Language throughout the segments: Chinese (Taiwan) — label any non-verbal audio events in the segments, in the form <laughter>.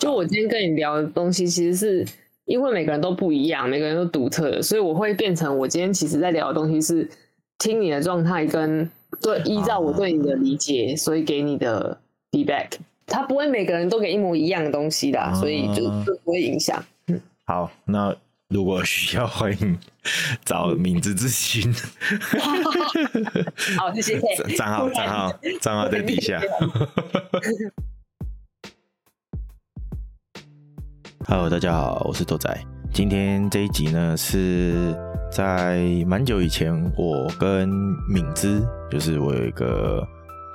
就我今天跟你聊的東西，其實是因為每個人都不一樣，每個人都獨特所以我會變成我今天其實在聊的東西是聽你的狀態跟對依照我對你的理解，oh. 所以給你的 feedback，他不會每個人都給一模一樣的東西的，oh. 所以就,就不會影響、嗯。好，那如果需要歡迎找閔之諮詢， <laughs> oh. Oh, 好謝謝，賬號賬號賬號在底下。 <laughs> 哈嘍，大家好，我是豆仔。今天這一集呢，是在蠻久以前，我跟閔之，就是我有一個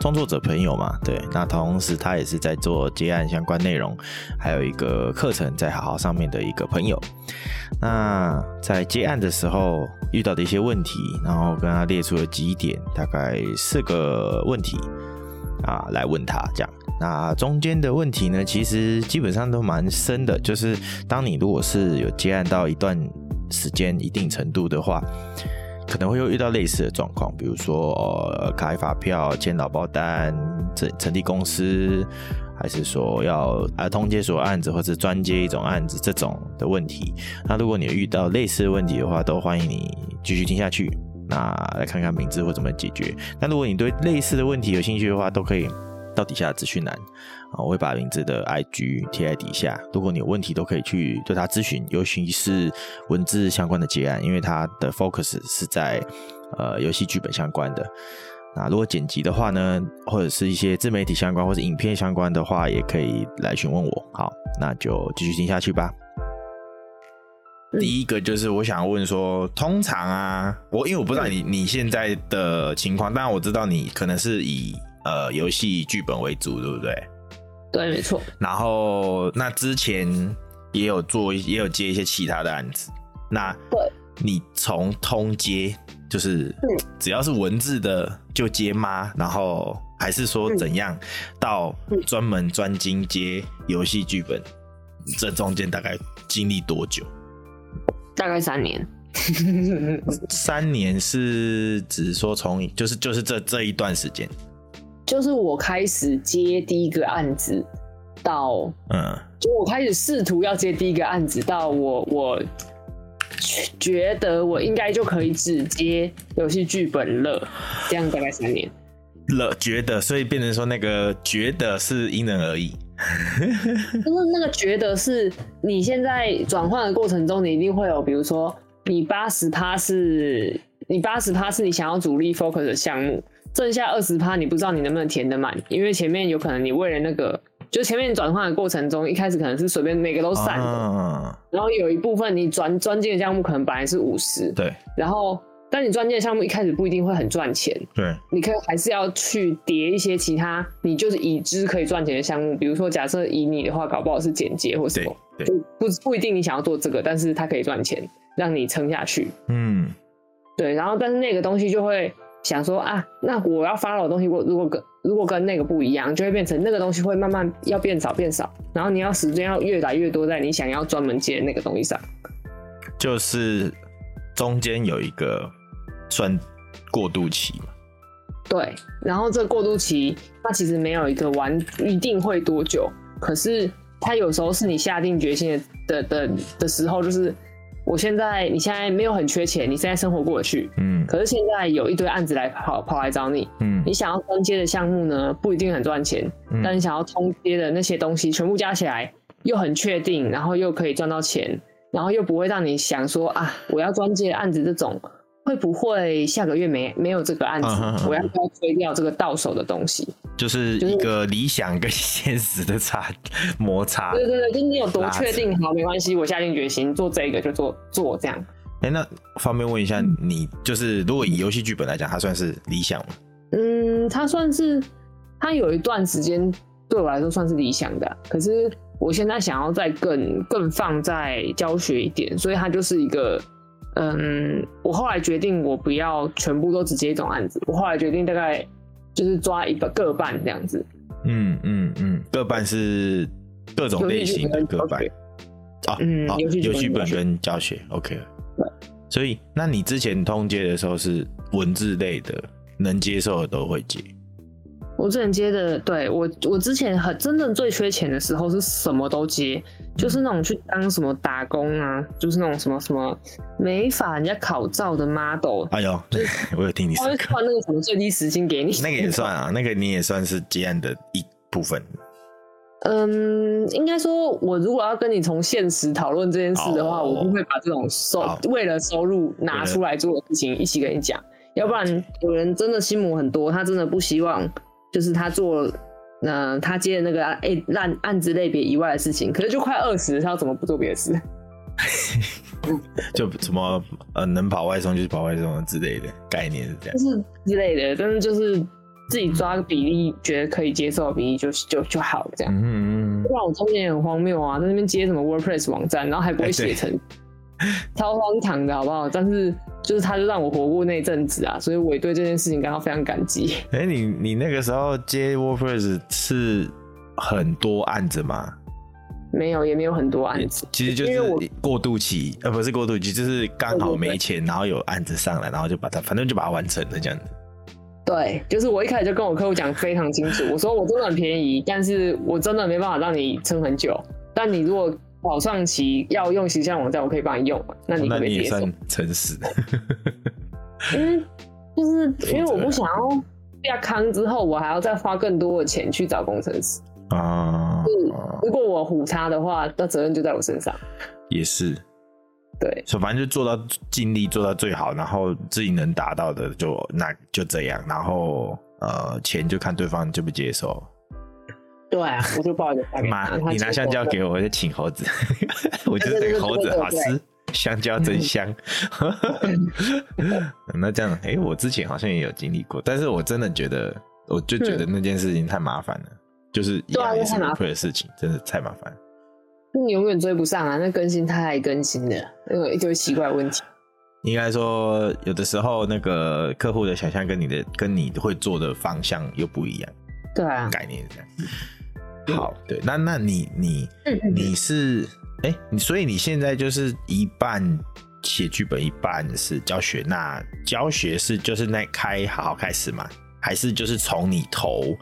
創作者朋友嘛，對，那同時他也是在做接案相關內容，還有一個課程在好好上面的一個朋友。那在接案的時候遇到的一些問題，然後跟他列出了幾點，大概四個問題啊，來問他這樣。那中間的問題呢，其實基本上都蠻深的，就是當你如果是有接案到一段時間、一定程度的話，可能會又遇到類似的狀況，比如說呃、開發票、簽勞保單、成成立公司，還是說要通接所有案子，或是專接一種案子這種的問題。那如果你有遇到類似的問題的話，都歡迎你繼續聽下去，那來看看閔之會怎麼解決。那如果你對類似的問題有興趣的話，都可以。到底下的資訊欄，我會把閔之的 IG 貼在底下。如果你有問題，都可以去對他諮詢，尤其是文字相關的接案，因為他的 focus 是在呃遊戲劇本相關的。那如果剪輯的話呢，或者是一些自媒體相關或者影片相關的話，也可以來詢問我。好，那就繼續聽下去吧。嗯。第一個就是我想要問說，通常啊，我因為我不知道你、嗯、你現在的情況，當然我知道你可能是以。呃，遊戲劇本為主，對不對？對，沒錯。然後那之前也有做，也有接一些其他的案子。那對，你從通接就是、嗯、只要是文字的就接嗎？然後還是說怎樣、嗯、到專門專精接遊戲劇本、嗯？這中間大概經歷多久？大概三年。 <laughs> 三年是指說從就是就是這這一段時間。就是我開始接第一個案子，到嗯，就我開始試圖要接第一個案子，到我我覺得我應該就可以只接遊戲劇本了，這樣大概三年了。覺得，所以變成說那個覺得是因人而異。 <laughs> 就是那個覺得是你現在轉換的過程中，你一定會有，比如說你八十趴是，你八十趴是你想要主力 focus 的項目。剩下二十趴，你不知道你能不能填得滿，因為前面有可能你為了那個，就前面轉換的過程中，一開始可能是隨便每個都散的，啊，然後有一部分你轉專精的項目可能本來是五十，對，然後但你專精的項目一開始不一定會很賺錢，對，你可以還是要去疊一些其他你就是已知可以賺錢的項目，比如說假設以你的話，搞不好是剪輯或什麼，對對，就不不一定你想要做這個，但是它可以賺錢，讓你撐下去，嗯，對，然後但是那個東西就會。想說啊，那我要發的東西，我如果跟如果跟那個不一樣，就會變成那個東西會慢慢要變少變少，然後你要時間要越來越多在你想要專門接那個東西上，就是中間有一個算過渡期嘛，對，然後這個過渡期它其實沒有一個完一定會多久，可是它有時候是你下定決心的的的，的時候，就是。我現在，你現在沒有很缺錢，你現在生活過得去，嗯。可是現在有一堆案子來跑跑來找你，嗯。你想要專接的項目呢，不一定很賺錢。嗯，但你想要通接的那些東西，全部加起來又很確定，然後又可以賺到錢，然後又不會讓你想說啊，我要專接案子這種。會不會下個月沒沒有這個案子？嗯嗯，我要不要推掉這個到手的東西？就是一個理想跟現實的差摩擦。對對對，就是、你有多確定好？好，沒關係，我下定決心做這個就做做這樣。哎、欸，那方便問一下，你就是如果以遊戲劇本來講，它算是理想嗎？嗯，它算是它有一段時間對我來說算是理想的，可是我現在想要再更更放在教學一點，所以它就是一個。嗯，我後來決定我不要全部都只接一種案子，我後來決定大概就是抓一個各半這樣子。嗯嗯嗯，各半是各種類型的各半。啊、哦嗯哦哦、好，有劇本跟教學，學，教學，OK。所以，那你之前通接的時候是文字類的，能接受的都會接。我之前接的，對我，我之前很真正最缺錢的時候是什麼都接，嗯,就是那種去當什麼打工啊，就是那種什麼什麼沒法人家考照的 model。哎呦，對我有聽你說，靠那個什麼最低時薪給你， <laughs> 那個也算啊，那個你也算是接案的一部分。嗯，應該說，我如果要跟你從現實討論這件事的話，哦、我不會把這種收、哦、為了收入拿出來做的事情一起跟你講，要不然有人真的心魔很多，他真的不希望。就是他做，那、呃、他接的那個誒案、欸、案子類別以外的事情，可是就快餓死他怎麼不做別的事？ <laughs> 就什麼呃，能跑外送就是跑外送之類的概念是這樣。就是之類的，但是就是自己抓個比例、嗯，覺得可以接受的比例就就就好這樣。嗯哼嗯哼。不然我從前也很荒謬啊，在那邊接什麼 WordPress 網站，然後還不會寫成。超荒唐的好不好？但是就是他，就讓我活過那陣子啊，所以我也對這件事情感到非常感激。哎、欸，你你那個時候接 WordPress 是很多案子嗎？沒有，也沒有很多案子。其實就是過渡期，呃，不是過渡期，就是剛好沒錢對對對，然後有案子上來，然後就把它，反正就把它完成了這樣子。對，就是我一開始就跟我客戶講非常清楚， <laughs> 我說我真的很便宜，但是我真的沒辦法讓你撐很久。但你如果跑上期要用形象網站，我可以幫你用，那你可不可以接受？那你也算誠實的。 <laughs> 嗯，就是因為我不想要下康之後，我還要再花更多的錢去找工程師啊、哦。如果我唬他的話，那責任就在我身上。也是，對，所以反正就做到盡力做到最好，然後自己能達到的就那就這樣，然後呃，錢就看對方接不接受。對、啊，我就抱着香蕉。媽，你拿香蕉給我，我就請猴子。對對對對 <laughs> 我覺得猴子好吃，對對對對香蕉真香，嗯。 <laughs> 嗯、 <laughs> 那這樣，哎、欸，我之前好像也有經歷過，但是我真的覺得，我就覺得那件事情太麻煩了，嗯、就是一些會、啊、的事情，真的太麻煩。你永遠追不上啊！那更新太更新了，因為一堆奇怪問題。應該說，有的時候那個客戶的想象跟你的跟你會做的方向又不一樣。對啊，概念這樣。好，對，那那你你、嗯、你是哎，你、欸、所以你現在就是一半寫劇本，一半是教學。那教學是就是那開好好開始嗎？還是就是從你投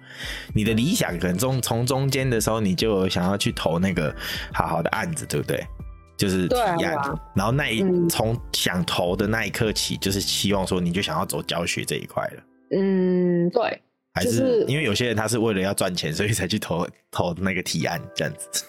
你的理想可能中從中間的時候，你就想要去投那個好好的案子，對不對？就是提案、啊。然後那一從、嗯、想投的那一刻起，就是希望說你就想要走教學這一塊了。嗯，對。還是、就是、因為有些人他是為了要賺錢，所以才去投投那個提案這樣子。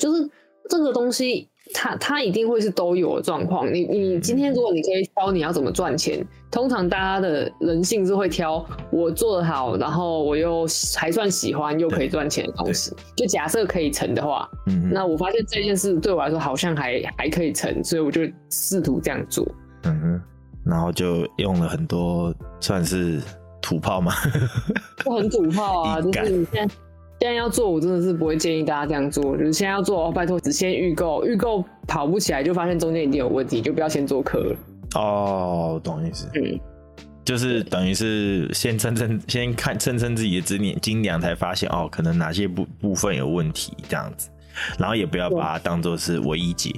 就是這個東西，它它一定會是都有的狀況。你你今天如果你可以挑你要怎麼賺錢，通常大家的人性是會挑我做得好，然後我又還算喜歡又可以賺錢的東西，就假設可以成的話，嗯哼，那我發現這件事對我來說好像還還可以成，所以我就試圖這樣做。嗯哼，然後就用了很多算是，土炮嗎？我 <laughs> 很土炮啊，就是你現在現在要做，我真的是不會建議大家這樣做。就是現在要做哦，拜托只先預購，預購跑不起來就發現中間一定有問題，就不要先做課了。哦，懂意思。嗯，就是等於是先稱稱，先看稱稱自己的質量，精良才發現哦，可能哪些部部分有問題這樣子，然後也不要把它當做是唯一解，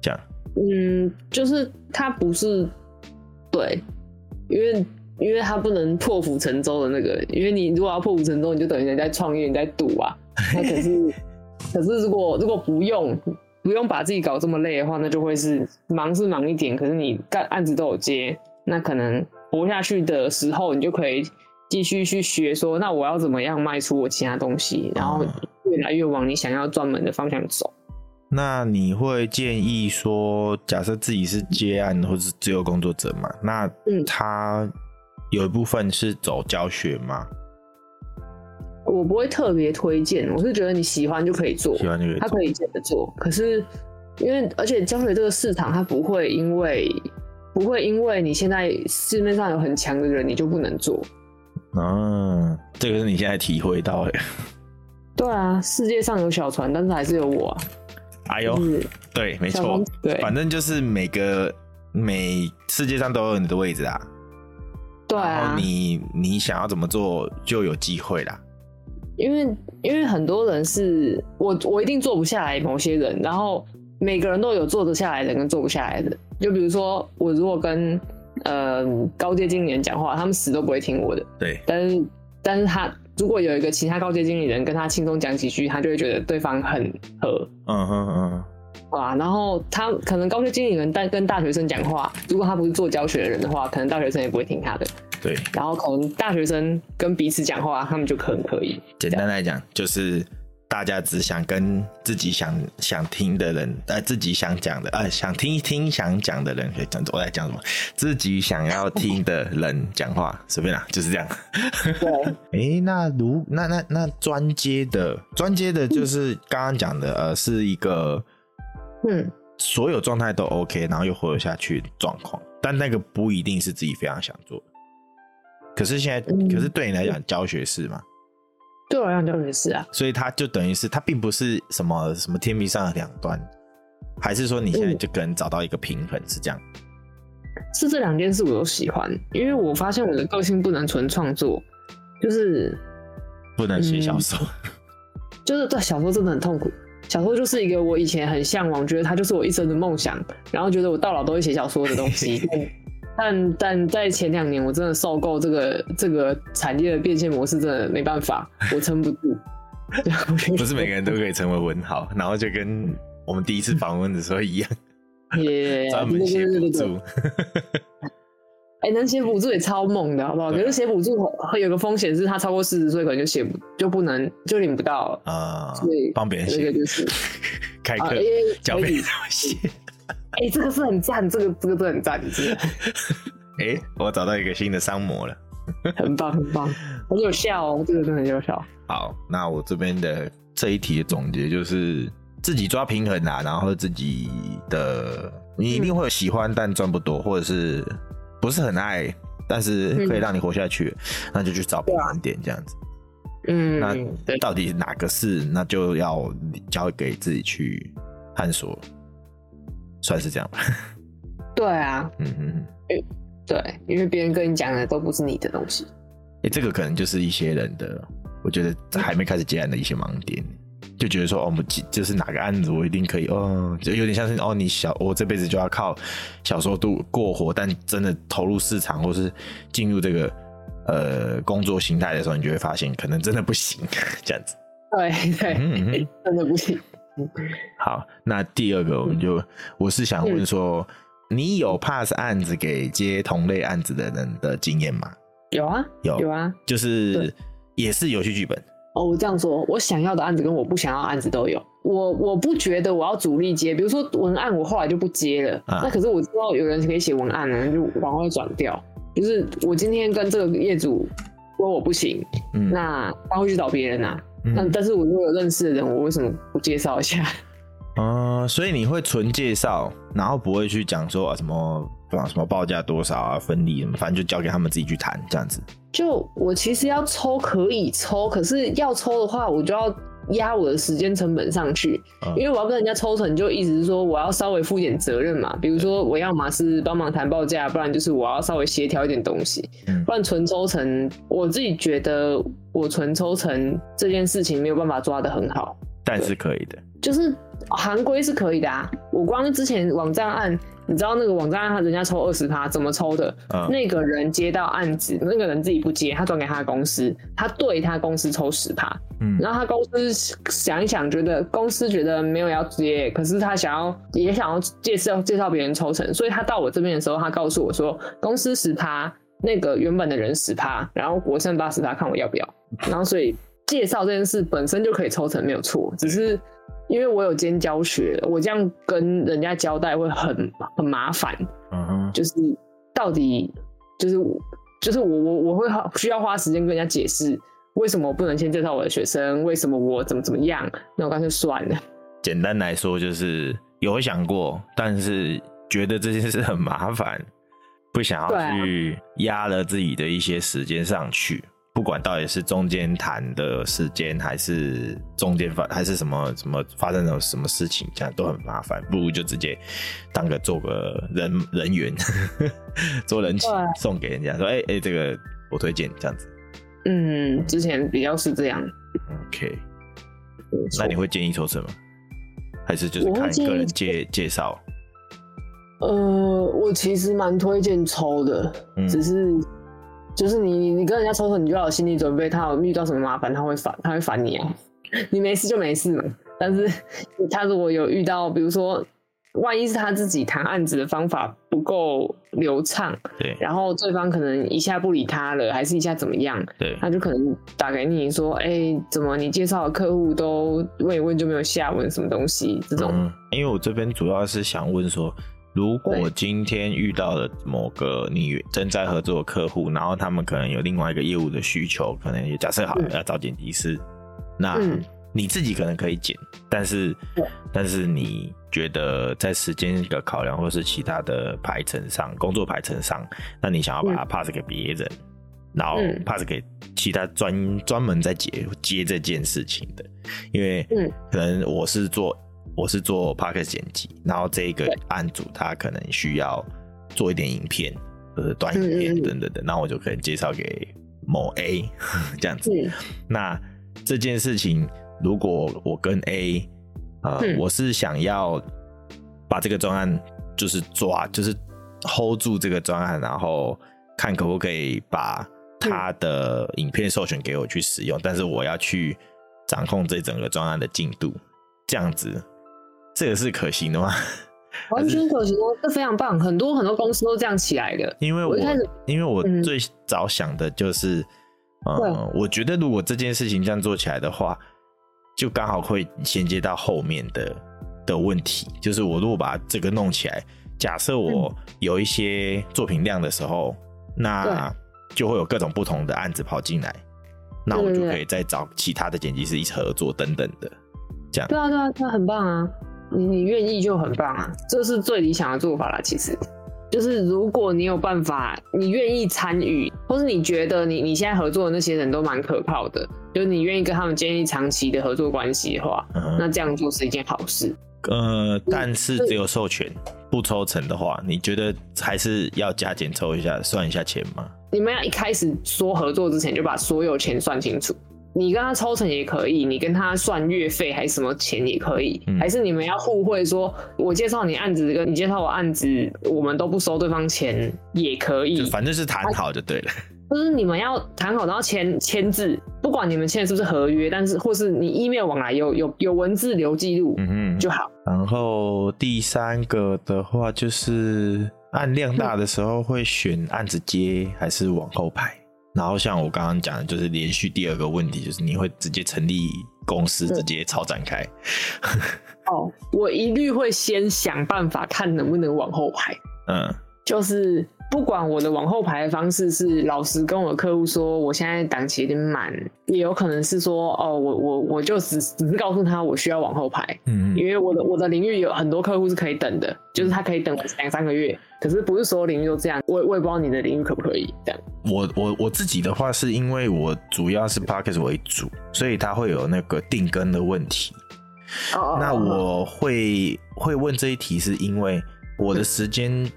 這樣。嗯，就是它不是對，因為。因為他不能破釜沉舟的那個，因為你如果要破釜沉舟，你就等於在創業，你在賭啊。可是， <laughs> 可是如果如果不用不用把自己搞這麼累的話，那就會是忙是忙一點，可是你幹案子都有接，那可能活下去的時候，你就可以繼續去學說，說那我要怎麼樣賣出我其他東西，然後越來越往你想要專門的方向走。那你會建議說，假設自己是接案或者是自由工作者嘛？那他。嗯有一部分是走教學嗎？我不會特別推薦，我是覺得你喜歡就可以做，喜歡就可以，他可以接著做。可是因為而且教學這個市場，他不會因為不會因為你現在市面上有很強的人，你就不能做。嗯、啊，這個是你現在體會到的、欸。對啊，世界上有小船，但是還是有我啊。哎呦，就是、對，沒錯，對，反正就是每個每世界上都有你的位置啊。對啊，你你想要怎麼做就有機會啦。因為因為很多人是我我一定做不下來某些人，然後每個人都有做得下來的跟做不下來的。就比如說我如果跟、呃、高階經理人講話，他們死都不會聽我的。對，但是但是他如果有一個其他高階經理人跟他輕鬆講幾句，他就會覺得對方很合。嗯嗯嗯。哇、啊，然後他可能高階經理人，但跟大學生講話，如果他不是做教學的人的話，可能大學生也不會聽他的。對，然後可能大學生跟彼此講話，他們就很可，可以。簡單來講，就是大家只想跟自己想想聽的人，呃，自己想講的，呃，想聽一聽想講的人，可以講，我在講什麼？自己想要聽的人講話， <laughs> 隨便啦，就是這樣。 <laughs> 對，哎，那如那那那專接的專接的，接的就是剛剛講的，嗯、呃，是一個。嗯，所有狀態都 OK，然後又活下去的狀況，但那個不一定是自己非常想做。可是現在，嗯、可是對你來講，教學是嗎？對我來講，教學是啊。所以他就等於是，他並不是什麼什麼天平上的兩端，還是說你現在就跟找到一個平衡是這樣？嗯、是這兩件事我都喜歡，因為我發現我的個性不能純創作，就是不能寫小說，嗯、就是對小說真的很痛苦。小說就是一個我以前很嚮往，覺得它就是我一生的夢想，然後覺得我到老都會寫小說的東西。 <laughs> 但但在前兩年，我真的受夠這個這個產業的變現模式，真的沒辦法，我撐不住 <laughs> 就。不是每個人都可以成為文豪，然後就跟我們第一次訪問的時候一樣，專、 <laughs> yeah, 門寫不住。對對對對對對對對 <laughs> 哎、欸，能寫補助也超猛的，好不好？可是寫補助會有個風險，是他超過四十歲可能就寫就不能就領不到啊、嗯。所以幫別人寫就是開課，教別人怎麼寫？哎、啊欸，這個是很讚，這個這個都很讚，哎、欸，我找到一個新的商模了， <laughs> 很棒很棒，很有效哦，這個真的很有效。好，那我這邊的這一題的總結就是自己抓平衡啊，然後自己的你一定會有喜歡，嗯、但賺不多，或者是。不是很愛，但是可以讓你活下去、嗯，那就去找盲點這樣子。嗯，那到底哪個是，那就要交給自己去探索，算是這樣吧。 <laughs> 對啊，嗯嗯，對，因為別人跟你講的都不是你的東西。哎、欸，這個可能就是一些人的，我覺得還沒開始接案的一些盲點。就覺得說，哦，我們就是哪個案子，我一定可以，哦，就有點像是，哦，你小，我、哦、這輩子就要靠小說度過活。但真的投入市場或是進入這個呃工作型態的時候，你就會發現，可能真的不行，這樣子。對對、嗯嗯嗯，真的不行。好，那第二個，我們就、嗯、我是想問說、嗯，你有 pass 案子給接同類案子的人的經驗嗎？有啊，有有啊，就是也是遊戲劇本。哦，我這樣說，我想要的案子跟我不想要的案子都有。我我不覺得我要主力接，比如說文案，我後來就不接了。那、啊、可是我知道有人可以寫文案呢、啊，就往後轉掉。就是我今天跟這個業主說我不行，嗯、那他會去找別人啊、嗯、但是我如果有認識的人，我為什麼不介紹一下？啊、嗯，所以你會純介紹，然後不會去講說什麼？啊，什麼報價多少啊，分利什麼，反正就交給他們自己去談這樣子。就我其實要抽可以抽，可是要抽的話，我就要壓我的時間成本上去、嗯，因為我要跟人家抽成，就意思是說我要稍微負一點責任嘛。比如說我要嘛是幫忙談報價，不然就是我要稍微協調一點東西。嗯、不然純抽成，我自己覺得我純抽成這件事情沒有辦法抓得很好，但是可以的，就是行規是可以的啊。我光之前網站案。你知道那個網站，他人家抽二十趴，怎麼抽的？Uh. 那個人接到案子，那個人自己不接，他轉給他的公司，他對他的公司抽十趴，嗯，然後他公司想一想，覺得公司覺得沒有要接，可是他想要也想要介紹介紹別人抽成，所以他到我這邊的時候，他告訴我說，公司十趴，那個原本的人十趴，然後我剩八十趴，看我要不要。然後所以介紹這件事本身就可以抽成沒有錯，只是。因為我有兼教學，我這樣跟人家交代會很很麻煩。嗯哼，就是到底就是就是我我我會需要花時間跟人家解釋，為什麼我不能先介紹我的學生？為什麼我怎麼怎麼樣？那我乾脆算了。簡單來說，就是有想過，但是覺得這件事很麻煩，不想要去壓了自己的一些時間上去。不管到底是中間談的時間，還是中間發，還是什麼什麼發生的什麼，什麼事情，這樣都很麻煩。不如就直接當個做個人人員呵呵，做人情送給人家，說哎哎、欸欸，這個我推薦這樣子。嗯，之前比較是這樣。OK，那你會建議抽什麼？還是就是看個人介介紹？呃，我其實蠻推薦抽的，嗯，只是。就是你你跟人家抽成，你就要有心理準備，他有遇到什麼麻煩，他會煩，他會煩你啊。 <laughs> 你沒事就沒事嘛，但是他如果有遇到，比如說萬一是他自己談案子的方法不夠流暢，對，然後對方可能一下不理他了，還是一下怎麼樣，對，他就可能打給你說，哎、欸，怎麼你介紹的客戶都問一問就沒有下文什麼東西這種、嗯。因為我這邊主要是想問說。如果今天遇到了某個你正在合作的客戶，然後他們可能有另外一個業務的需求，可能也假設好了、嗯、要找剪輯師，那、嗯、你自己可能可以剪，但是但是你覺得在時間的考量，或是其他的排程上，工作排程上，那你想要把它 pass 給別人，嗯、然後 pass 給其他專專門在接接這件事情的，因為、嗯、可能我是做。我是做 Podcast 剪輯，然後這個案主他可能需要做一點影片，呃，短影片等等等，那我就可以介紹給某 A 這樣子。那這件事情，如果我跟 A，呃，我是想要把這個專案就是抓，就是 hold 住這個專案，然後看可不可以把他的影片授權給我去使用，但是我要去掌控這整個專案的進度，這樣子。這個是可行的嗎？完全可行。哦，這非常棒。很多很多公司都這樣起來的。因為我，我一開始，因為我最早想的就是，嗯，嗯，我覺得如果這件事情這樣做起來的話，就剛好會銜接到後面的的問題。就是我如果把這個弄起來，假設我有一些作品量的時候，嗯、那就會有各種不同的案子跑進來，那我就可以再找其他的剪輯師一起合作等等的。這樣。對啊，對啊，那很棒啊。你你願意就很棒啊，這是最理想的做法了。其實就是如果你有辦法，你願意參與，或是你覺得你你現在合作的那些人都蠻可靠的，就你願意跟他們建立長期的合作關係的話、嗯，那這樣做是一件好事。呃，但是只有授權不抽成的話，你覺得還是要加減抽一下算一下錢嗎？你們要一開始說合作之前就把所有錢算清楚。你跟他抽成也可以，你跟他算月費還是什麼錢也可以。嗯，還是你們要互惠，說我介紹你案子跟你介紹我案子，我們都不收對方錢也可以。反正是談好就對了。就是你們要談好，然後簽簽字，不管你們簽的是不是合約，但是或是你 email 往來有有有文字留記錄就好，嗯。然後第三個的話就是案量大的時候會選案子接，嗯，還是往後排？然後像我剛剛講的，就是連續第二個問題，就是你會直接成立公司，直接超展開。 <laughs> 哦，我一律會先想辦法看能不能往後排。嗯，就是。不管我的往後排的方式是老實跟我的客戶說，我現在檔期有點滿，也有可能是說，哦，我我我就只只是告訴他我需要往後排，嗯，因為我的我的領域有很多客戶是可以等的，就是他可以等兩三個月，可是不是所有領域都這樣，我也我也不知道你的領域可不可以這樣。我我我自己的話是因為我主要是 Podcast 為主，所以他會有那個定更的問題。哦，哦，哦，哦，哦，那我會會問這一題是因為我的時間。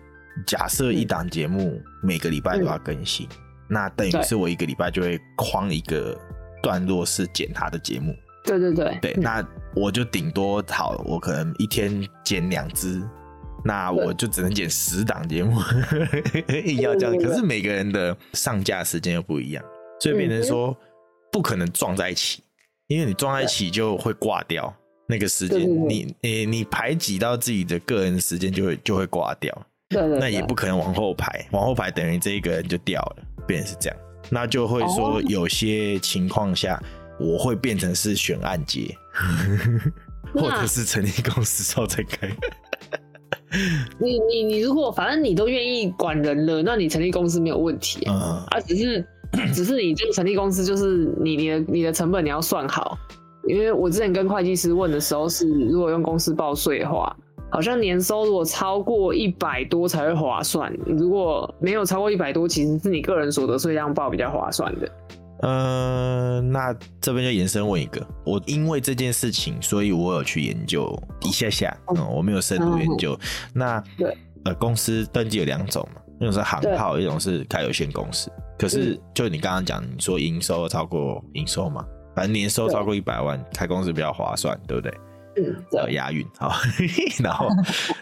假設一檔節目、嗯、每個禮拜都要更新，嗯、那等於是我一個禮拜就會框一個段落式剪他的節目。對對對，對，嗯、那我就頂多好了，我可能一天剪兩支，那我就只能剪十檔節目， <laughs> 一要這樣。對對對對，可是每個人的上架時間又不一樣，所以別人說不可能撞在一起，嗯、因為你撞在一起就會掛掉，那個時間，你你你排擠到自己的個人的時間就會就會掛掉。對對對，那也不可能往後排，往後排等於這一個人就掉了，變成是這樣，那就會說有些情況下、oh、我會變成是選案接， <laughs> 或者是成立公司之後再開。 <laughs> 你你你如果反正你都願意管人了，那你成立公司沒有問題啊，嗯、啊只是只是你這成立公司就是你你的你的成本你要算好，因為我之前跟會計師問的時候是，如果用公司報稅的話。好像年收如果超過一百多才會划算，如果沒有超過一百多，其實是你個人所得稅這樣報比較划算的。嗯、呃，那這邊就延伸問一個，我因為這件事情，所以我有去研究一下下，嗯，我沒有深度研究。哦哦、那對，呃，公司登記有兩種嘛，一種是行號，一種是開有限公司。可是就你剛剛講，你說營收超過營收嘛，反正年收超過一百萬開公司比較划算，對不對？嗯，押韻好，然後，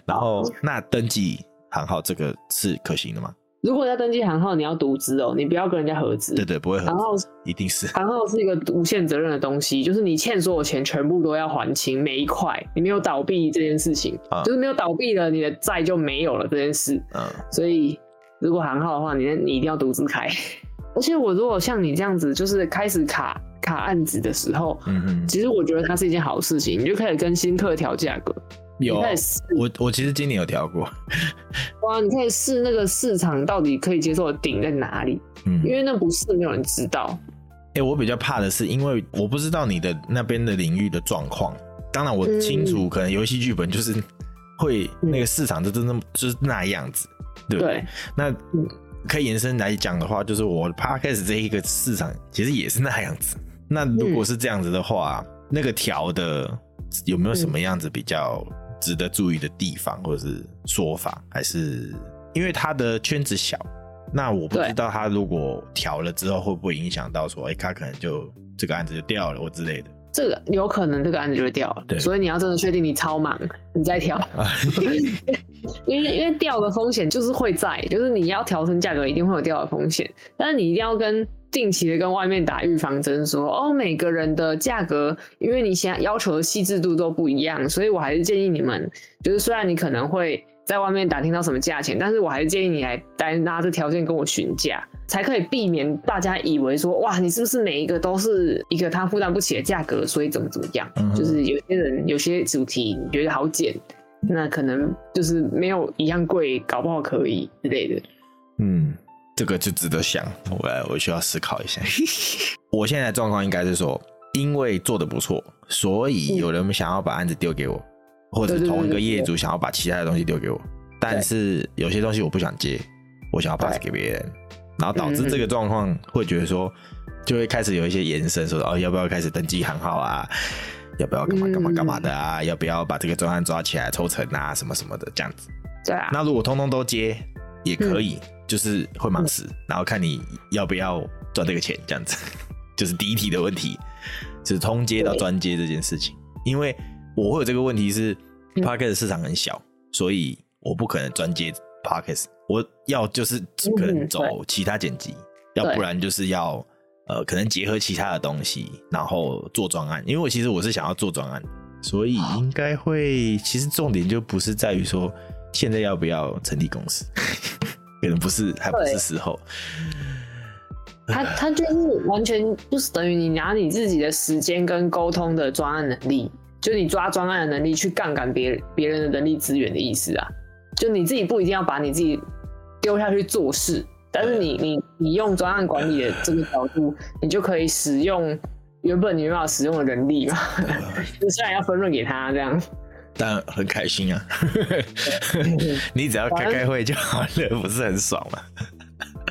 然後那登記行號這個是可行的嗎？如果要登記行號，你要獨資哦，你不要跟人家合資。對對，不會合資。一定是。行號是一個無限責任的東西，就是你欠所有錢全部都要還清，每一塊。你沒有倒閉這件事情，啊、就是沒有倒閉了，你的債就沒有了這件事。嗯、所以如果行號的話，你你一定要獨資開。 <laughs> 而且我如果像你這樣子，就是開始卡。卡案子的時候、嗯，其實我覺得它是一件好事情，你就開始跟新客調價格。有，我我其實今年有調過。 <laughs> 哇，你可以試那個市場到底可以接受的頂在哪裡。嗯，因為那不是沒有人知道。哎、欸，我比較怕的是，因為我不知道你的那邊的領域的狀況。當然，我清楚、嗯、可能遊戲劇本就是會那個市場就那麼，就是那樣子，嗯、對不對？那可以延伸來講的話，就是我 Podcast 這一個市場其實也是那樣子。那如果是這樣子的話，嗯、那個調的有沒有什麼樣子比較值得注意的地方，或者是說法、嗯？還是因為他的圈子小，那我不知道他如果調了之後會不會影響到說，哎，他、欸、可能就這個案子就掉了或之類的。這個有可能這個案子就會掉了，對。所以你要真的確定你超忙，你再調， <laughs> <laughs> 因為因為掉的風險就是會在，就是你要調升價格一定會有掉的風險，但是你一定要跟。定期的跟外面打預防針，說哦，每個人的價格，因為你想要求的細緻度都不一樣，所以我還是建議你們，就是雖然你可能會在外面打聽到什麼價錢，但是我還是建議你來單拉這條件跟我詢價，才可以避免大家以為說哇，你是不是每一個都是一個他負擔不起的價格，所以怎麼怎麼樣，嗯、就是有些人有些主題，你覺得好簡，那可能就是沒有一樣貴，搞不好可以之類的，嗯。這個就值得想，我來我需要思考一下。 <laughs> 我現在狀況應該是說，因為做得不錯，所以有人想要把案子丟給我，或者同一個業主想要把其他的東西丟給我。對對對對，但是有些東西我不想接，我想要 pass 給別人，然後導致這個狀況會覺得說，就會開始有一些延伸說，說、嗯、哦，要不要開始登記行號啊？要不要幹嘛幹嘛幹嘛的啊、嗯？要不要把這個專案抓起來抽成啊？什麼什麼的這樣子。對啊。那如果通通都接也可以。嗯就是會忙死、嗯，然後看你要不要賺這個錢，這樣子，就是第一題的問題，就是通接到專接這件事情。因為我會有這個問題是、嗯、Podcast 市場很小，所以我不可能專接 Podcast，我要就是可能走其他剪輯，嗯嗯要不然就是要呃可能結合其他的東西，然後做專案。因為我其實我是想要做專案，所以應該會。啊、其實重點就不是在於說現在要不要成立公司。 <laughs> 可能不是，還不是時候。他他就是完全不是，等於你拿你自己的時間跟溝通的專案能力，就你抓專案的能力去槓桿別人別人的人力資源的意思啊。就你自己不一定要把你自己丟下去做事，但是你你你用專案管理的這個角度，你就可以使用原本你無法使用的能力嘛？ <laughs> 就雖然要分潤給他這樣但很開心啊！ <laughs> 你只要開開會就好了，不是很爽嗎？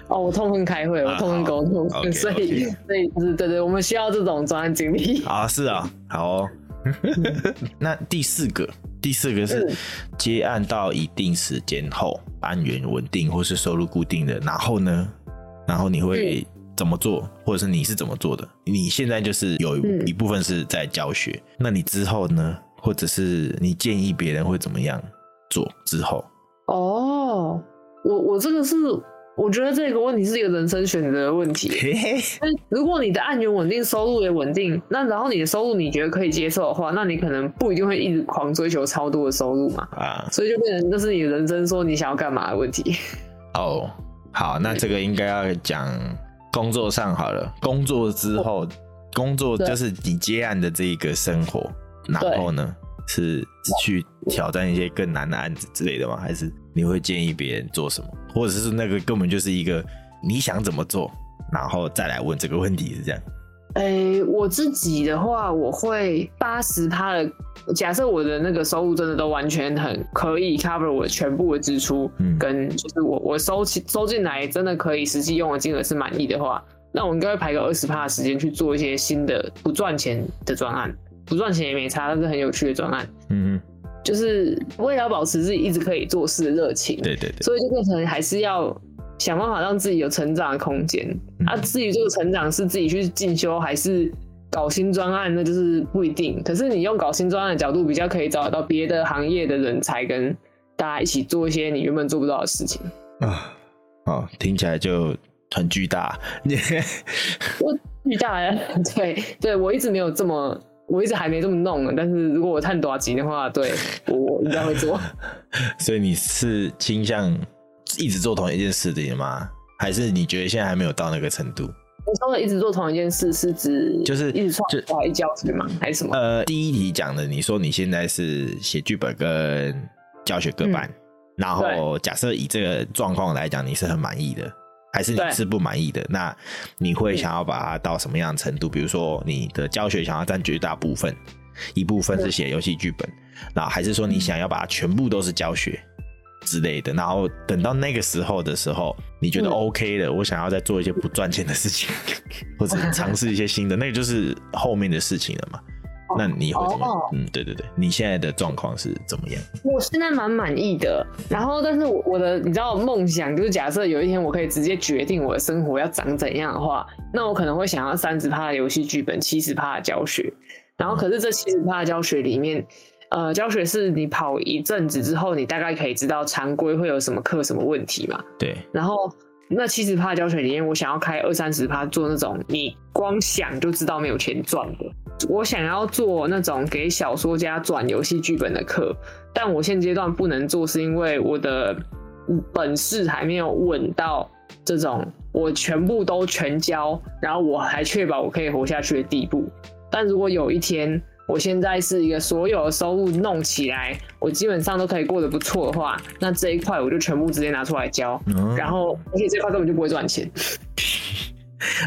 哦，我痛恨開會，我痛恨溝通，所以 okay, okay. 所以是，對，對對，我們需要這種專案經理啊，是啊，好、哦。 <laughs> 那第四個，第四個是接案到一定時間後，案源穩定或是收入固定的，然後呢，然後你會怎麼做、嗯，或者是你是怎麼做的？你現在就是有一部分是在教學，嗯、那你之後呢？或者是你建議別人會怎麼樣做之後哦，我我這個是我覺得這個問題是一個人生選擇的問題。嘿嘿如果你的案源穩定，收入也穩定，那然後你的收入你覺得可以接受的話，那你可能不一定會一直狂追求超多的收入嘛。啊，所以就變成這是你的人生說你想要幹嘛的問題。哦，好，那這個應該要講工作上好了，工作之後工作就是你接案的這一個生活。然後呢，是去挑戰一些更難的案子之類的嗎？還是你會建議別人做什麼？或者是那個根本就是一個你想怎麼做，然後再來問這個問題是這樣？誒、欸，我自己的話，我會八十趴的。假設我的那個收入真的都完全很可以 cover 我全部的支出，嗯、跟就是我我收起收進來真的可以實際用的金額是滿意的話，那我應該會排個二十趴的時間去做一些新的不賺錢的專案。不賺錢也沒差，但是很有趣的專案。嗯嗯，就是為了要保持自己一直可以做事的熱情。對對對，所以就變成還是要想辦法讓自己有成長的空間，嗯。啊，至於這個成長是自己去進修還是搞新專案，那就是不一定。可是你用搞新專案的角度，比較可以找到別的行業的人才，跟大家一起做一些你原本做不到的事情。啊、哦，哦，聽起來就很巨大。 <laughs> 我巨大，對對，我一直沒有這麼。我一直還沒這麼弄呢，但是如果我看多少集的話，對，我應該會做。 <laughs> 所以你是傾向一直做同一件事情嗎？還是你覺得現在還沒有到那個程度？你說的一直做同一件事是指就是一直創作一教學嗎？還是什麼？呃，第一題講的，你說你現在是寫劇本跟教學各半，嗯，然後假設以這個狀況來講，你是很滿意的。還是你是不滿意的，那你會想要把它到什麼樣的程度？嗯？比如說你的教學想要佔絕大部分，一部分是寫遊戲劇本，然後還是說你想要把它全部都是教學之類的？然後等到那個時候的時候，你覺得 OK 的，嗯，我想要再做一些不賺錢的事情，或者嘗試一些新的，那個就是後面的事情了嘛。那你會怎麼樣，哦？嗯，對對對，你現在的狀況是怎麼樣？我現在蠻滿意的。然後，但是我的，我的你知道，夢想就是假設有一天我可以直接決定我的生活要長怎樣的話，那我可能會想要三十趴的遊戲劇本，七十趴的教學。然後，可是這七十趴的教學裡面，嗯，呃，教學是你跑一陣子之後，你大概可以知道常規會有什麼課、什麼問題嘛。對。然後。那七十趴教學裡面，我想要開二三十趴做那種你光想就知道沒有錢賺的。我想要做那種給小說家轉遊戲劇本的課，但我現階段不能做，是因為我的本事還沒有穩到這種我全部都全教，然後我還確保我可以活下去的地步。但如果有一天，我現在是一個所有的收入弄起來，我基本上都可以過得不錯的話，那這一塊我就全部直接拿出來交，哦、然後而且這塊根本就不會賺錢。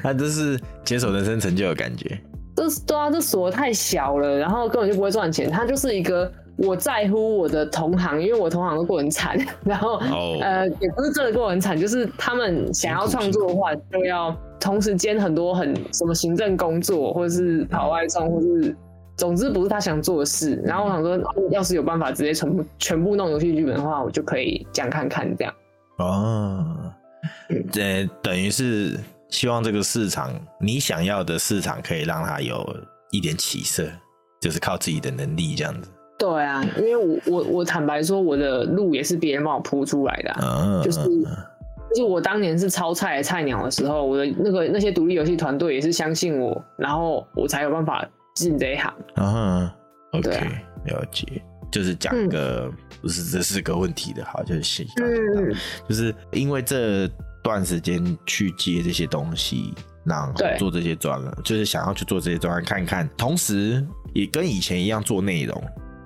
那、 <laughs> 啊、這是解鎖人生成就的感覺。這對啊，這鎖太小了，然後根本就不會賺錢。它就是一個我在乎我的同行，因為我同行都過很慘，然後呃也不是真的過很慘，就是他們想要創作的話，就要同時兼很多很什麼行政工作，或者是跑外送，或是。總之不是他想做的事，然後我想說，要是有辦法直接全部全部弄遊戲劇本的話，我就可以講看看這樣。哦，嗯欸、等於是希望這個市場，你想要的市場，可以讓他有一點起色，就是靠自己的能力這樣子。對啊，因為我我我坦白說，我的路也是別人幫我鋪出來的，啊哦，就是就是我當年是超菜的菜鳥的時候，我的那個那些獨立遊戲團隊也是相信我，然後我才有辦法。進這一行、uh -huh, okay, 啊，OK，了解，就是講個、嗯、不是這四個問題的。好，就是先、嗯、就是因為這段時間去接這些東西，然後做這些專了，就是想要去做這些專，看看，同時也跟以前一樣做內容，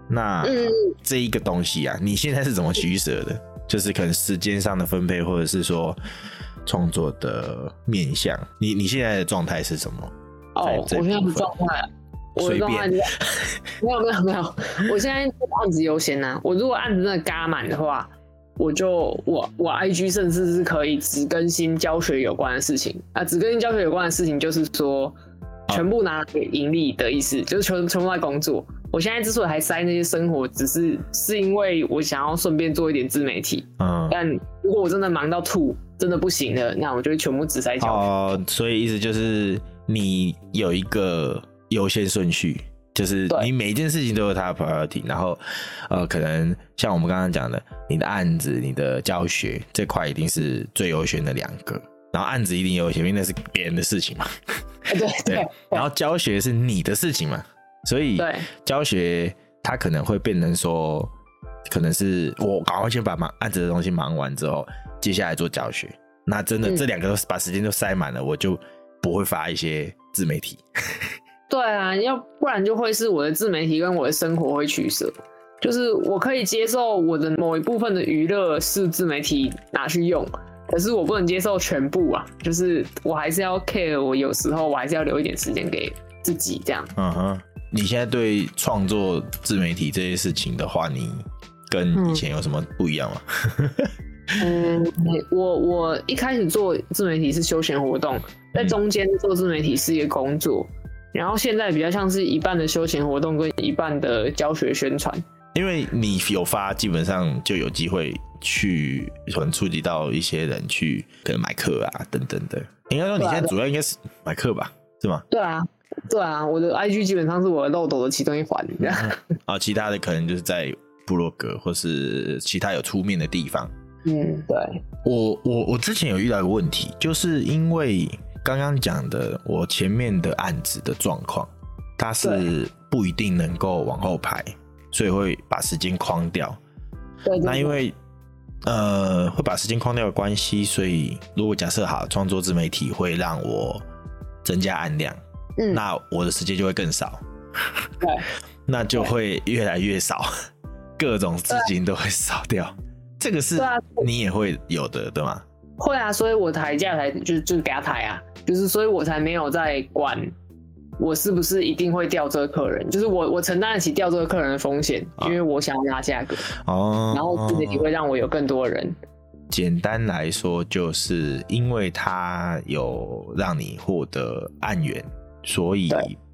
那這一個東西啊，你現在是怎麼取捨的、嗯？就是可能時間上的分配，或者是說創作的面向，你你現在的狀態是什麼？哦、oh，我現在的狀態。我知道你沒有沒有沒有，沒有沒有 <laughs> 我現在案子優先呢。我如果案子真的嘎滿的話，我就我我 I G 甚至是可以只更新教學有關的事情啊，只更新教學有關的事情就是說，全部拿來給盈利的意思，啊、就是全全部在工作。我現在之所以還塞那些生活，只是是因為我想要順便做一點自媒體。嗯，但如果我真的忙到吐，真的不行了，那我就會全部只塞教學。哦、呃，所以意思就是你有一個。優先順序就是你每一件事情都有它的 priority，然後呃，可能像我們剛剛講的，你的案子、你的教學這塊一,一定是最優先的兩個，然後案子一定優先，因為那是別人的事情嘛，對對。然後教學是你的事情嘛，所以教學它可能會變成說，可能是我趕快先把忙案子的東西忙完之後，接下來做教學。那真的、嗯、這兩個都把時間都塞滿了，我就不會發一些自媒體。對啊，要不然就會是我的自媒體跟我的生活會取捨。就是我可以接受我的某一部分的娛樂是自媒體拿去用，可是我不能接受全部啊。就是我還是要 care，我有時候我還是要留一點時間給自己這樣。嗯哼，你現在對創作自媒體這些事情的話，你跟以前有什麼不一樣嗎？嗯， <laughs> 嗯，我我一開始做自媒體是休閒活動，嗯、在中間做自媒體是一個工作。然後現在比較像是一半的休閒活動跟一半的教學宣傳，因為你有發，基本上就有機會去可能觸及到一些人去可能買課啊等等的。應該說你現在主要應該是買課吧，是嗎？對啊，對啊，我的 IG 基本上是我的漏斗的其中一環，這樣。啊、嗯，其他的可能就是在部落格或是其他有出面的地方。嗯，對。我我我之前有遇到一個問題，就是因為。剛剛講的，我前面的案子的狀況，它是不一定能夠往後排，所以會把時間框掉。對。對，那因為呃，會把時間框掉的關係，所以如果假設好創作自媒體會讓我增加案量，嗯，那我的時間就會更少。對。對 <laughs> 那就會越來越少，各種資金都會少掉。這個是你也會有的，對嗎？會啊，所以我抬價才就是就是給他抬啊，就是所以我才沒有在管我是不是一定會掉這個客人，就是我我承擔得起掉這個客人的風險，啊，因為我想要壓價格哦，然後自己會讓我有更多人。哦，簡單來說，就是因為他有讓你獲得案源，所以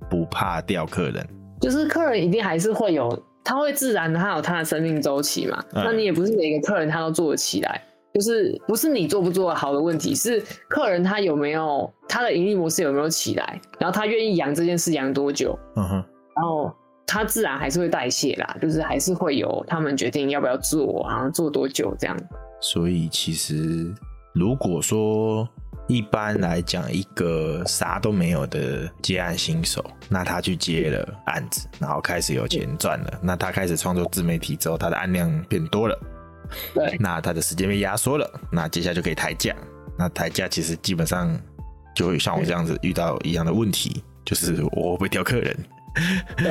不怕掉客人。就是客人一定還是會有，他會自然的，他有他的生命週期嘛，嗯，那你也不是每一個客人他都做得起來。就是不是你做不做好的問題，是客人他有沒有他的盈利模式，有沒有起來，然後他願意養這件事養多久、嗯哼，然後他自然還是會代謝啦，就是還是會有，他們決定要不要做像、啊、做多久這樣。所以其實如果說一般來講一個啥都沒有的接案新手，那他去接了案子，然後開始有錢賺了，那他開始創作自媒體之後，他的案量變多了。對，那他的時間被壓縮了，那接下來就可以抬價。那抬價其實基本上就會像我這樣子遇到一樣的問題，就是我會挑客人。 <laughs>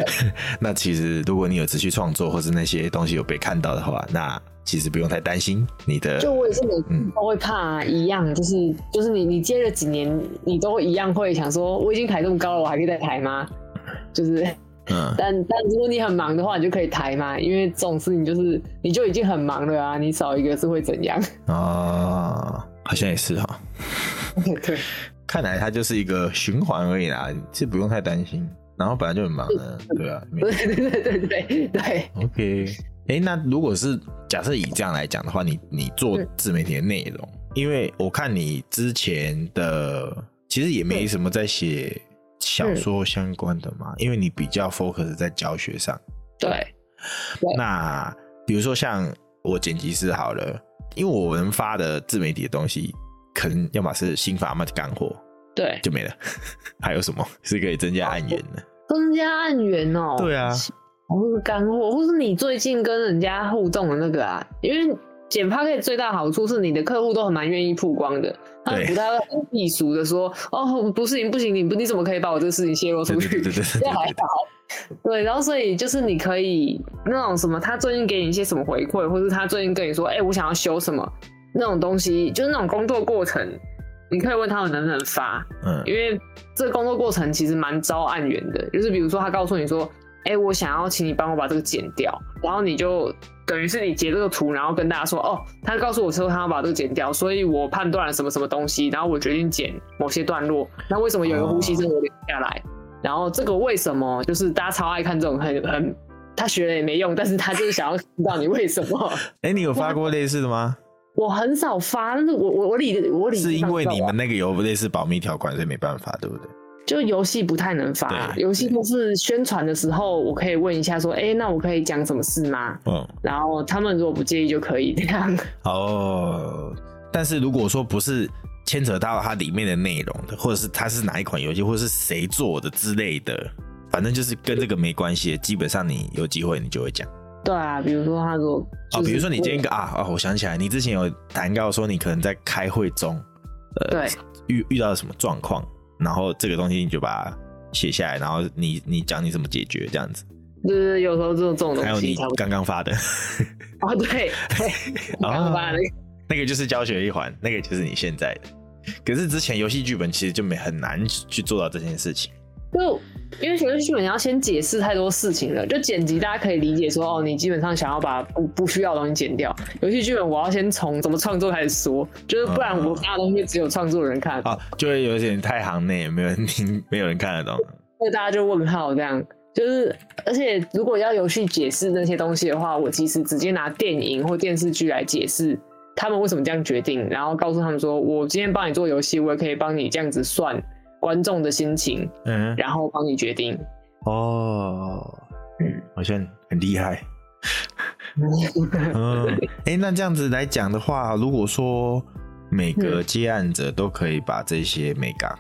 那其實如果你有持續創作，或是那些東西有被看到的話，那其實不用太擔心你的。就我也是每次都會怕、啊嗯、一樣，就是就是你你接了幾年，你都一樣會想說，我已經抬這麼高了，我還可以再抬嗎？就是。嗯啊，但但如果你很忙的話，你就可以抬嘛，因為總是你就是你就已經很忙了啊，你少一個是會怎樣哦？好像也是哈 <laughs> <laughs> ，看來它就是一個循環而已啦，這不用太擔心。然後本來就很忙了， <laughs> 對啊，對 <laughs> 對對對對對。對。OK，欸，那如果是假設以這樣來講的話，你你做自媒體的內容，嗯，因為我看你之前的其實也沒什麼在寫。嗯小說相關的嘛，因為你比較 focus 在教學上。對，對。那比如說像我剪輯師好了，因為我們發的自媒體的東西，可能要麼是新法嘛，就乾貨，對，就沒了。 <laughs> 還有什麼是可以增加案源的？增加案源哦，對啊，或是乾貨，或是你最近跟人家互動的那個啊，因為剪髮可以最大好處是你的客戶都很蠻願意曝光的。他他很避俗的說，哦，不是你不行，你不你怎麼可以把我這個事情洩露出去？對，這還好。對，然後所以就是你可以那種什麼，他最近給你一些什麼回饋，或者他最近跟你說，哎、欸，我想要修什麼那種東西，就是那種工作過程，你可以問他能不能發，嗯，因為這個工作過程其實蠻招案源的，就是比如說他告訴你說，哎、欸，我想要請你幫我把這個剪掉。然後你就等於是你截這個圖，然後跟大家說哦，他告訴我說他要把這個剪掉，所以我判斷了什麼什麼東西，然後我決定剪某些段落。那為什麼有一個呼吸聲留下來、哦？然後這個為什麼？就是大家超愛看這種很很，他學了也沒用，但是他就是想要知道你為什麼？哎 <laughs> 、欸，你有發過類似的嗎？我，我很少發，但是我我我理我理是因為你們那個有類似保密條款，所以沒辦法，對不對？就遊戲不太能發，遊戲不是宣傳的時候，我可以問一下說，哎、欸，那我可以講什麼事嗎？嗯，然後他們如果不介意就可以這樣。哦，但是如果說不是牽扯到它裡面的內容的，或者是它是哪一款遊戲，或者是誰做的之類的，反正就是跟這個沒關係的，基本上你有機會你就會講。對啊，比如說他如果哦、啊，比如說你今天一個啊，啊我想起來，你之前有談到說你可能在開會中，呃，對，遇遇到了什麼狀況？然後這個東西你就把它寫下來，然後你你講你怎麼解決這樣子。就是有時候這種這種東西，還有你剛剛發的。啊、 <laughs> 哦、對，剛剛發的。 <laughs> 然後 <laughs> 那個就是教學一環，那個就是你現在的。可是之前遊戲劇本其實就沒很難去做到這件事情。就因為遊戲劇本要先解釋太多事情了，就剪輯大家可以理解說哦，你基本上想要把不不需要的東西剪掉。遊戲劇本我要先從怎麼創作開始說，就是不然我發的東西只有創作的人看，啊、哦哦，就會有點太行內，沒有人聽，沒有人看得懂。那大家就問號這樣，就是而且如果要遊戲解釋那些東西的話，我其實直接拿電影或電視劇來解釋，他們為什麼這樣決定，然後告訴他們說我今天幫你做遊戲，我也可以幫你這樣子算觀眾的心情，嗯，然後幫你決定哦，嗯，好像很厲害。 <laughs> 嗯、 <laughs> 欸，那這樣子來講的話，如果說每個接案者都可以把這些美感、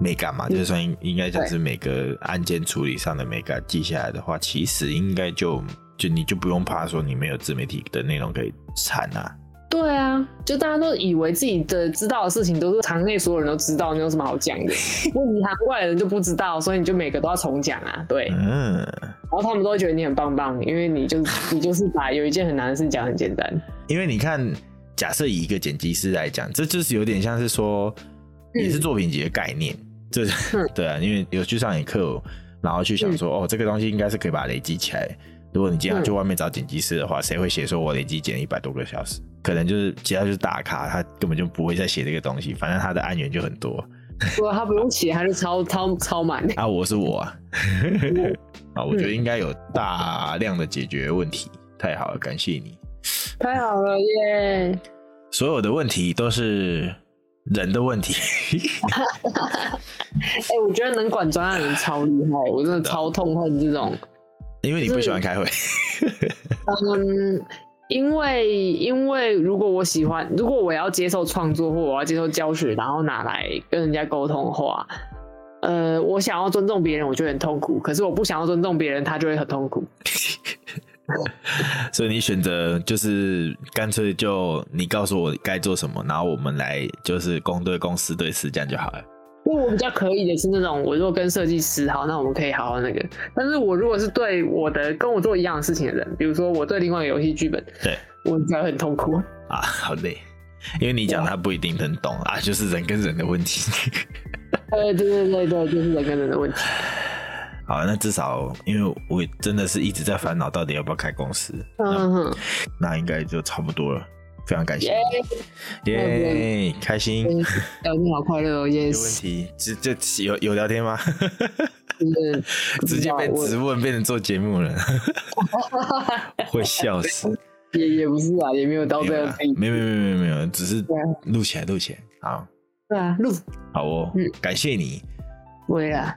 美感嘛，就算應該就是每個案件處理上的美感記下來的話，其實應該就就你就不用怕說你沒有自媒體的內容可以產啊。對啊，就大家都以為自己的知道的事情都是場內所有人都知道，你有什麼好講的？因為你場外人就不知道，所以你就每個都要重講啊。對，嗯，然後他們都會覺得你很棒棒，因為你就是、你就是把有一件很難的事情講很簡單。因為你看，假設以一個剪輯師來講，這就是有點像是說，也是作品級的概念。這、嗯、對啊，因為有去上一課，然後去想說、嗯，哦，這個東西應該是可以把它累積起來。如果你經常去外面找剪輯師的話，誰、嗯、會寫說“我累積剪一百多個小時”？可能就是其他就是大咖，他根本就不會再寫這個東西。反正他的案源就很多。不過他不用寫，還 <laughs> 是超超超滿。啊，我是我啊！ <laughs> 好我覺得應該有大量的解決問題。太好了，感謝你。太好了耶！所有的問題都是人的問題。哎、 <laughs> <laughs> 欸，我覺得能管專案人超厲害，我真的超痛恨這種。因為你不喜歡開會。 <laughs> 嗯，因為因為如果我喜歡，如果我要接受創作或我要接受教學，然後拿來跟人家溝通的話，呃，我想要尊重別人，我就很痛苦；可是我不想要尊重別人，他就會很痛苦。 <laughs> 所以你選擇就是乾脆就你告訴我該做什麼，然後我們來就是公對公，私對私，這樣就好了。因為我比較可以的是那種，我如果跟設計師好，那我們可以好好那個。但是我如果是對我的跟我做一樣的事情的人，比如說我對另外一個遊戲劇本，對我才會很痛苦啊，好累，因為你講他不一定能懂啊，啊，就是人跟人的問題。 <laughs> 對對對對，就是人跟人的問題。好，那至少因為我真的是一直在煩惱，到底要不要開公司。嗯哼，那，那應該就差不多了。非常感謝，耶，開心，yeah, yeah, okay. 開心 yeah, 聊天好快樂哦，yes. 有問題？這這有有聊天嗎？ <laughs> <laughs> 直接被質問變成做節目了， <laughs> <laughs> <laughs> 會笑死。也也不是啊，也沒有到這樣，沒有，沒有，沒有，只是錄起來錄起來，yeah. 好。對啊，錄。好哦，嗯，感謝你。會啊。